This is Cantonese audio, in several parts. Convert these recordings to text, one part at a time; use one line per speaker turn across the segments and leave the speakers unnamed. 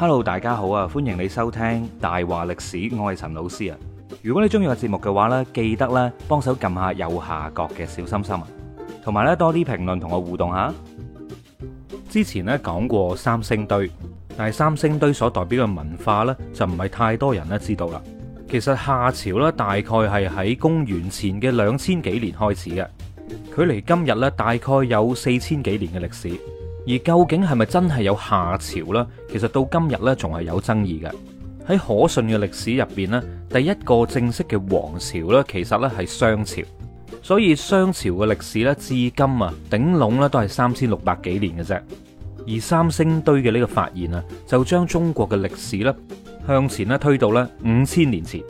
Hello，大家好啊！歡迎你收聽大話歷史，我係陳老師啊。如果你中意我節目嘅話呢，記得咧幫手撳下右下角嘅小心心啊，同埋咧多啲評論同我互動下。之前咧講過三星堆，但係三星堆所代表嘅文化呢，就唔係太多人咧知道啦。其實夏朝呢，大概係喺公元前嘅兩千幾年開始嘅，距離今日呢，大概有四千幾年嘅歷史。而究竟係咪真係有夏朝呢？其實到今日呢，仲係有爭議嘅。喺可信嘅歷史入邊呢，第一個正式嘅王朝呢，其實呢係商朝。所以商朝嘅歷史呢，至今啊頂籠呢都係三千六百幾年嘅啫。而三星堆嘅呢個發現啊，就將中國嘅歷史呢向前呢推到呢五千年前。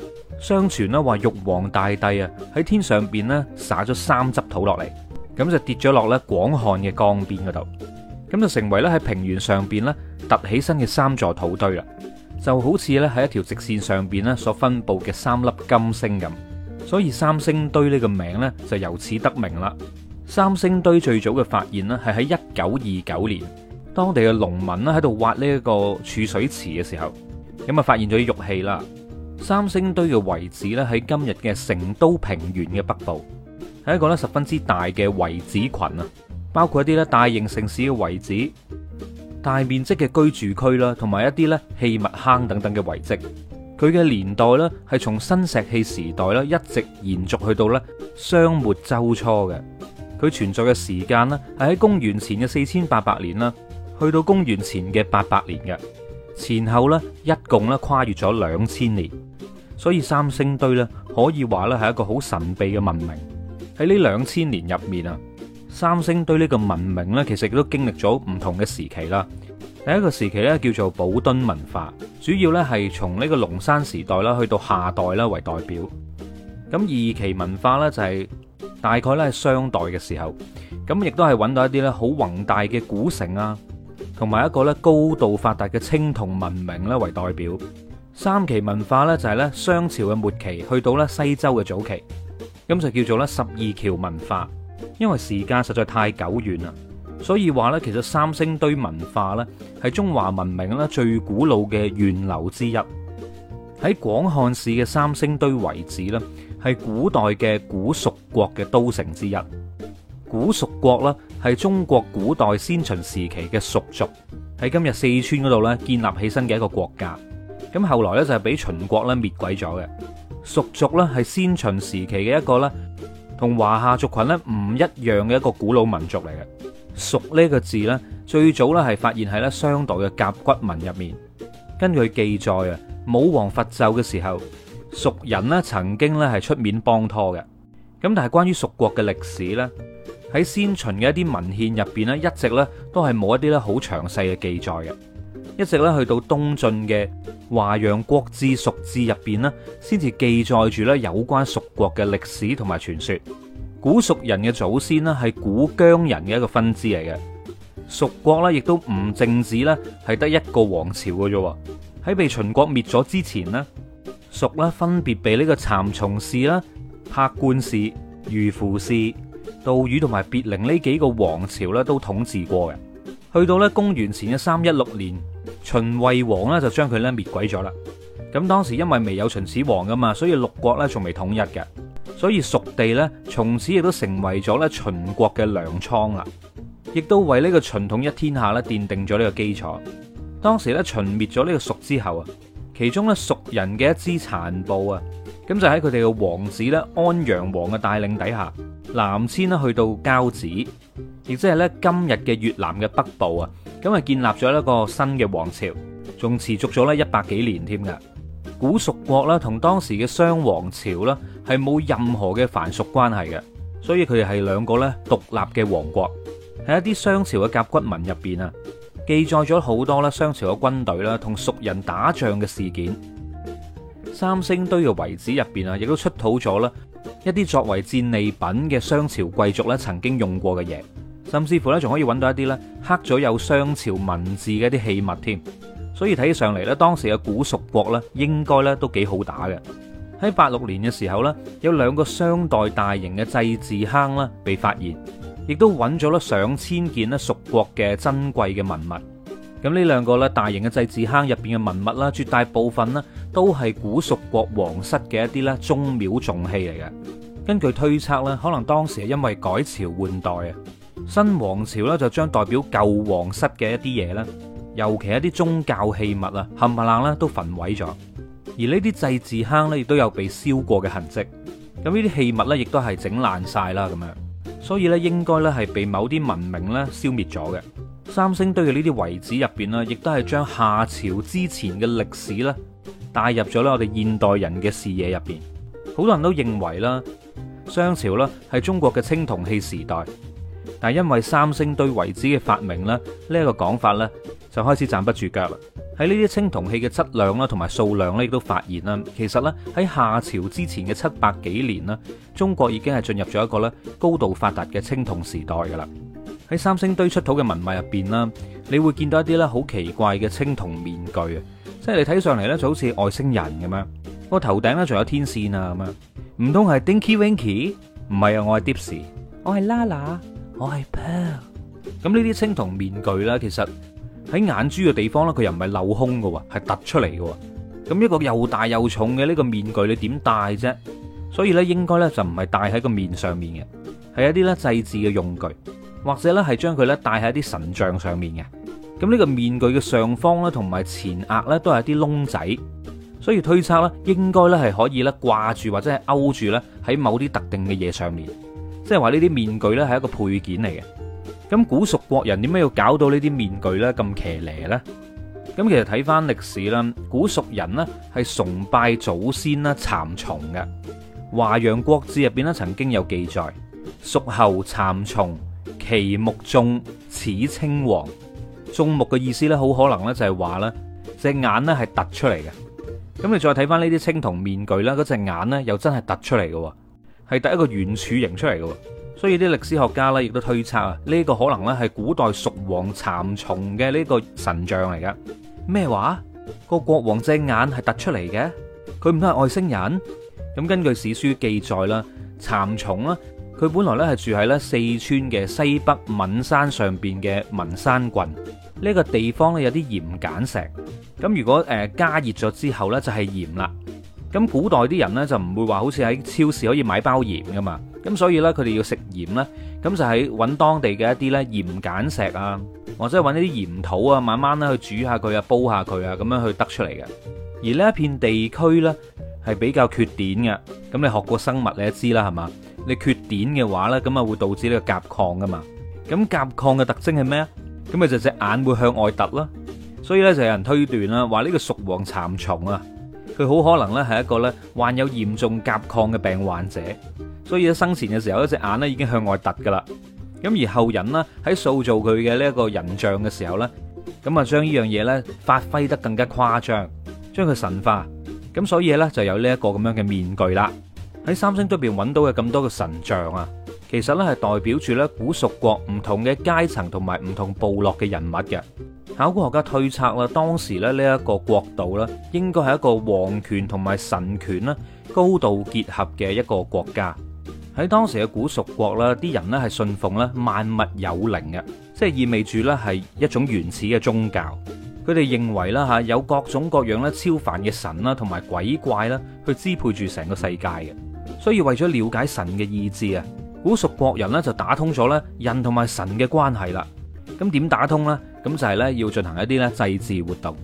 相傳呢話玉皇大帝啊喺天上邊呢撒咗三執土落嚟，咁就跌咗落呢廣漢嘅江邊嗰度。咁就成為咧喺平原上邊咧突起身嘅三座土堆啦，就好似咧喺一條直線上邊咧所分布嘅三粒金星咁，所以三星堆呢個名咧就由此得名啦。三星堆最早嘅發現呢，係喺一九二九年，當地嘅農民咧喺度挖呢一個儲水池嘅時候，咁啊發現咗啲玉器啦。三星堆嘅遺址咧喺今日嘅成都平原嘅北部，係一個咧十分之大嘅遺址群啊。包括一啲咧大型城市嘅遺址、大面積嘅居住區啦，同埋一啲咧器物坑等等嘅遺跡。佢嘅年代咧係從新石器時代啦，一直延續去到咧商末周初嘅。佢存在嘅時間咧係喺公元前嘅四千八百年啦，去到公元前嘅八百年嘅前後咧，一共咧跨越咗兩千年。所以三星堆咧可以話咧係一個好神秘嘅文明喺呢兩千年入面啊。三星堆呢個文明呢，其實亦都經歷咗唔同嘅時期啦。第一個時期呢，叫做寶墩文化，主要呢係從呢個龍山時代啦，去到夏代啦為代表。咁二期文化呢，就係大概呢係商代嘅時候，咁亦都係揾到一啲呢好宏大嘅古城啊，同埋一個呢高度發達嘅青銅文明呢為代表。三期文化呢，就係呢商朝嘅末期，去到呢西周嘅早期，咁就叫做呢十二橋文化。因為時間實在太久遠啦，所以話呢，其實三星堆文化呢係中華文明呢最古老嘅源流之一。喺廣漢市嘅三星堆遺址呢，係古代嘅古蜀國嘅都城之一。古蜀國呢係中國古代先秦時期嘅蜀族喺今日四川嗰度呢建立起身嘅一個國家。咁後來呢，就係俾秦國呢滅鬼咗嘅。蜀族呢，係先秦時期嘅一個呢。同華夏族群咧唔一樣嘅一個古老民族嚟嘅，蜀呢個字呢，最早呢係發現喺咧商代嘅甲骨文入面，根據記載啊，武王伐紂嘅時候，蜀人呢曾經呢係出面幫拖嘅，咁但係關於蜀國嘅歷史呢，喺先秦嘅一啲文獻入邊呢，一直呢都係冇一啲呢好詳細嘅記載嘅，一直呢去到東晉嘅。《華陽國志·蜀志》入邊咧，先至記載住咧有關蜀國嘅歷史同埋傳說。古蜀人嘅祖先咧，係古羌人嘅一個分支嚟嘅。蜀國咧，亦都唔淨止咧，係得一個王朝嘅啫。喺被秦國滅咗之前咧，蜀咧分別被呢個蠶叢氏啦、柏灌氏、魚鳧氏、杜宇同埋鱉靈呢幾個王朝咧都統治過嘅。去到咧公元前嘅三一六年。秦惠王咧就將佢咧滅鬼咗啦，咁當時因為未有秦始皇噶嘛，所以六國咧仲未統一嘅，所以蜀地咧從此亦都成為咗咧秦國嘅糧倉啦，亦都為呢個秦統一天下咧奠定咗呢個基礎。當時咧秦滅咗呢個蜀之後啊，其中咧蜀人嘅一支殘部啊，咁就喺佢哋嘅王子咧安陽王嘅帶領底下南遷啦，去到交趾，亦即係咧今日嘅越南嘅北部啊。咁啊，建立咗一個新嘅王朝，仲持續咗咧一百幾年添噶。古蜀國咧，同當時嘅商王朝咧，係冇任何嘅藩屬關係嘅，所以佢哋係兩個咧獨立嘅王國，喺一啲商朝嘅甲骨文入邊啊，記載咗好多咧商朝嘅軍隊啦，同蜀人打仗嘅事件。三星堆嘅遺址入邊啊，亦都出土咗咧一啲作為戰利品嘅商朝貴族咧曾經用過嘅嘢。甚至乎咧，仲可以揾到一啲咧刻咗有商朝文字嘅一啲器物添，所以睇起上嚟咧，當時嘅古蜀國咧，應該咧都幾好打嘅。喺八六年嘅時候咧，有兩個商代大型嘅祭祀坑啦，被發現，亦都揾咗咧上千件咧蜀國嘅珍貴嘅文物。咁呢兩個咧大型嘅祭祀坑入邊嘅文物啦，絕大部分咧都係古蜀國皇室嘅一啲咧宗廟重器嚟嘅。根據推測咧，可能當時係因為改朝換代啊。新王朝咧就將代表舊皇室嘅一啲嘢咧，尤其是一啲宗教器物啊，冚唪唥咧都焚毀咗。而呢啲祭祀坑咧，亦都有被燒過嘅痕迹。咁呢啲器物咧，亦都係整爛晒啦。咁樣，所以咧應該咧係被某啲文明咧消滅咗嘅。三星堆嘅呢啲遺址入邊呢，亦都係將夏朝之前嘅歷史咧帶入咗咧我哋現代人嘅視野入邊。好多人都認為啦，商朝啦係中國嘅青銅器時代。但係，因為三星堆遺址嘅發明呢，呢一個講法呢，就開始站不住腳啦。喺呢啲青銅器嘅質量啦，同埋數量呢，亦都發現啦。其實呢，喺夏朝之前嘅七百幾年啦，中國已經係進入咗一個咧高度發達嘅青銅時代噶啦。喺三星堆出土嘅文物入邊啦，你會見到一啲呢好奇怪嘅青銅面具啊，即係你睇上嚟呢，就好似外星人咁樣。個頭頂呢，仲有天線啊，咁樣唔通係 Dinky Winky？唔係啊，我係 Dipsy，我係 Lala。我係 Pear。咁呢啲青銅面具呢，其實喺眼珠嘅地方呢，佢又唔係鏤空嘅，係突出嚟嘅。咁一個又大又重嘅呢個面具，你點戴啫？所以呢，應該呢就唔係戴喺個面上面嘅，係一啲呢祭祀嘅用具，或者呢係將佢呢戴喺一啲神像上面嘅。咁呢個面具嘅上方呢，同埋前額呢，都係一啲窿仔，所以推測呢，應該呢係可以呢掛住或者係勾住呢喺某啲特定嘅嘢上面。即係話呢啲面具呢係一個配件嚟嘅。咁古蜀國人點解要搞到呢啲面具呢咁騎呢？咁其實睇翻歷史啦，古蜀人呢係崇拜祖先啦蠶叢嘅《華陽國志》入邊咧曾經有記載，蜀侯蠶叢，其目縱，始稱王，縱目嘅意思呢，好可能呢就係話呢隻眼呢係突出嚟嘅。咁你再睇翻呢啲青銅面具啦，嗰隻眼呢又真係突出嚟嘅喎。係第一個原柱形出嚟嘅，所以啲歷史學家咧亦都推測啊，呢個可能咧係古代蜀王蠶叢嘅呢個神像嚟噶。咩話？個國王隻眼係突出嚟嘅，佢唔通係外星人？咁根據史書記載啦，蠶叢啊，佢本來咧係住喺咧四川嘅西北岷山上邊嘅汶山郡呢個地方咧有啲鹽鹼石，咁如果誒加熱咗之後咧就係鹽啦。咁古代啲人呢，就唔會話好似喺超市可以買包鹽噶嘛，咁所以呢，佢哋要食鹽咧，咁就喺揾當地嘅一啲咧鹽礦石啊，或者揾一啲鹽土啊，慢慢咧去煮下佢啊，煲下佢啊，咁樣去得出嚟嘅。而呢一片地區呢，係比較缺碘嘅，咁你學過生物你都知啦係嘛？你缺碘嘅話呢，咁啊會導致呢個甲亢噶嘛。咁甲亢嘅特徵係咩啊？咁咪就隻眼會向外凸囉。所以呢，就有人推斷啦，話呢個蜀王蠶叢啊。佢好可能咧，係一個咧患有嚴重甲亢嘅病患者，所以咧生前嘅時候，一隻眼咧已經向外突噶啦。咁而後人咧喺塑造佢嘅呢一個人像嘅時候呢，咁啊將呢樣嘢咧發揮得更加誇張，將佢神化。咁所以呢，就有呢一個咁樣嘅面具啦。喺三星堆邊揾到嘅咁多嘅神像啊，其實呢係代表住呢古蜀國唔同嘅階層同埋唔同部落嘅人物嘅。考古學家推測啦，當時咧呢一個國度咧，應該係一個王權同埋神權咧高度結合嘅一個國家。喺當時嘅古蜀國啦，啲人咧係信奉咧萬物有靈嘅，即係意味住咧係一種原始嘅宗教。佢哋認為啦嚇有各種各樣咧超凡嘅神啦同埋鬼怪啦去支配住成個世界嘅，所以為咗了解神嘅意志啊，古蜀國人咧就打通咗咧人同埋神嘅關係啦。咁點打通呢？咁就係呢，要進行一啲呢祭祀活動。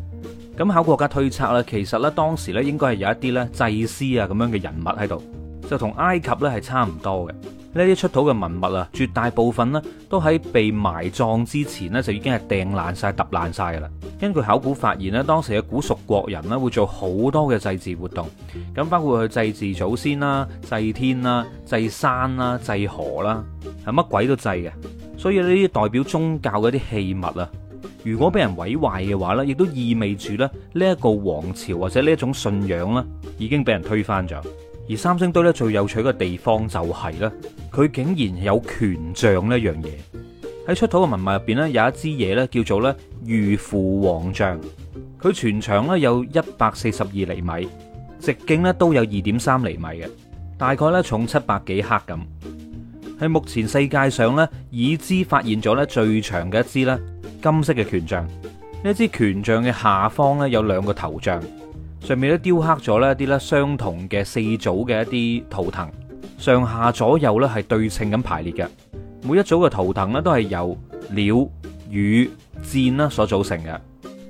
咁考古學家推測咧，其實呢，當時呢應該係有一啲呢祭司啊咁樣嘅人物喺度，就同埃及呢係差唔多嘅。呢啲出土嘅文物啊，絕大部分呢都喺被埋葬之前呢，就已經係掟爛晒、揼爛晒噶啦。根據考古發現呢，當時嘅古蜀國人呢會做好多嘅祭祀活動，咁包括去祭祀祖先啦、祭天啦、祭山啦、祭河啦，係乜鬼都祭嘅。所以呢啲代表宗教嘅啲器物啊，如果俾人毀壞嘅話呢，亦都意味住咧，呢一個王朝或者呢一種信仰呢已經俾人推翻咗。而三星堆呢，最有趣嘅地方就係、是、呢，佢竟然有權杖呢一樣嘢。喺出土嘅文物入邊呢，有一支嘢呢叫做呢魚鳧王杖，佢全長呢有一百四十二厘米，直徑呢都有二點三厘米嘅，大概呢重七百幾克咁。係目前世界上咧已知發現咗咧最長嘅一支咧金色嘅權杖，呢支權杖嘅下方咧有兩個頭像，上面咧雕刻咗呢一啲咧相同嘅四組嘅一啲圖騰，上下左右咧係對稱咁排列嘅。每一組嘅圖騰呢，都係由鳥、羽、箭啦所組成嘅。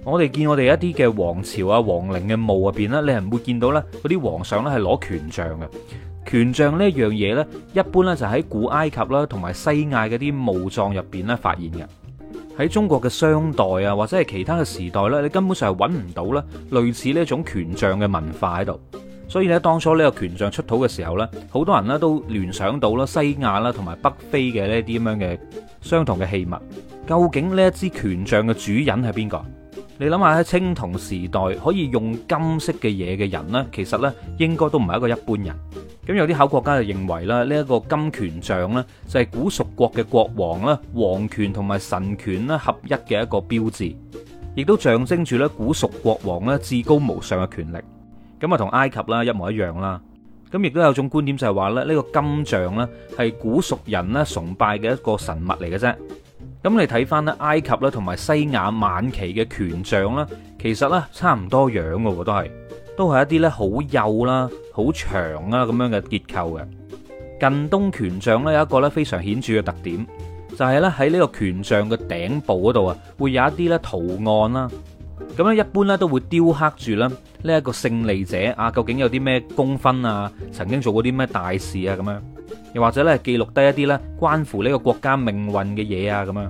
我哋見我哋一啲嘅王朝啊、皇陵嘅墓入邊咧，你係唔會見到咧嗰啲皇上咧係攞權杖嘅。權杖呢一樣嘢呢，一般呢就喺古埃及啦，同埋西亞嗰啲墓葬入邊咧發現嘅。喺中國嘅商代啊，或者係其他嘅時代呢，你根本上係搵唔到啦，類似呢一種權杖嘅文化喺度。所以呢，當初呢個權杖出土嘅時候呢，好多人呢都聯想到啦西亞啦，同埋北非嘅呢啲咁樣嘅相同嘅器物。究竟呢一支權杖嘅主人係邊個？你諗下喺青銅時代可以用金色嘅嘢嘅人呢，其實呢應該都唔係一個一般人。咁有啲考古家就認為呢一個金權杖呢就係古蜀國嘅國王咧，王權同埋神權咧合一嘅一個標誌，亦都象徵住咧古蜀國王咧至高無上嘅權力。咁啊，同埃及啦一模一樣啦。咁亦都有種觀點就係話咧，呢、這個金像呢係古蜀人崇拜嘅一個神物嚟嘅啫。咁你睇翻埃及咧同埋西亞晚期嘅權杖咧，其實咧差唔多樣嘅喎，都係。都係一啲咧好幼啦、好長啊咁樣嘅結構嘅，近東權杖咧有一個咧非常顯著嘅特點，就係咧喺呢個權杖嘅頂部嗰度啊，會有一啲咧圖案啦。咁一般咧都會雕刻住咧呢一個勝利者啊，究竟有啲咩功勳啊，曾經做過啲咩大事啊，咁樣又或者咧記錄低一啲咧關乎呢個國家命運嘅嘢啊，咁樣。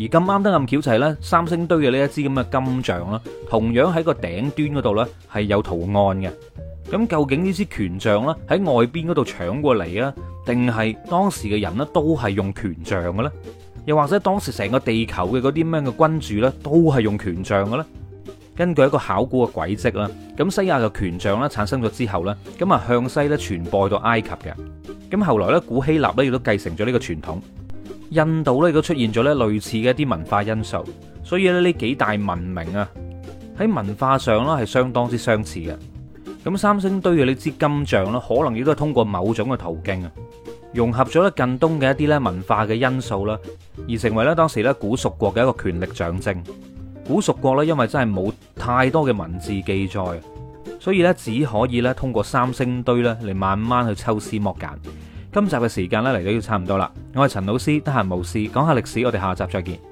而咁啱得咁巧就係咧，三星堆嘅呢一支咁嘅金杖啦，同樣喺個頂端嗰度咧係有圖案嘅。咁究竟呢支權杖咧喺外邊嗰度搶過嚟啊？定係當時嘅人呢都係用權杖嘅咧？又或者當時成個地球嘅嗰啲咩嘅君主咧都係用權杖嘅咧？根據一個考古嘅軌跡啦，咁西亞嘅權杖咧產生咗之後咧，咁啊向西咧傳播到埃及嘅。咁後來咧古希臘咧亦都繼承咗呢個傳統。印度咧亦都出現咗咧類似嘅一啲文化因素，所以咧呢幾大文明啊喺文化上啦係相當之相似嘅。咁三星堆嘅呢支金像咧，可能亦都係通過某種嘅途徑啊，融合咗咧近東嘅一啲咧文化嘅因素啦，而成為咧當時咧古蜀國嘅一個權力象徵。古蜀國咧因為真係冇太多嘅文字記載，所以咧只可以咧通過三星堆咧嚟慢慢去抽絲剝繭。今集嘅時間呢嚟到要差唔多啦，我係陳老師，得閒無事講下歷史，我哋下集再見。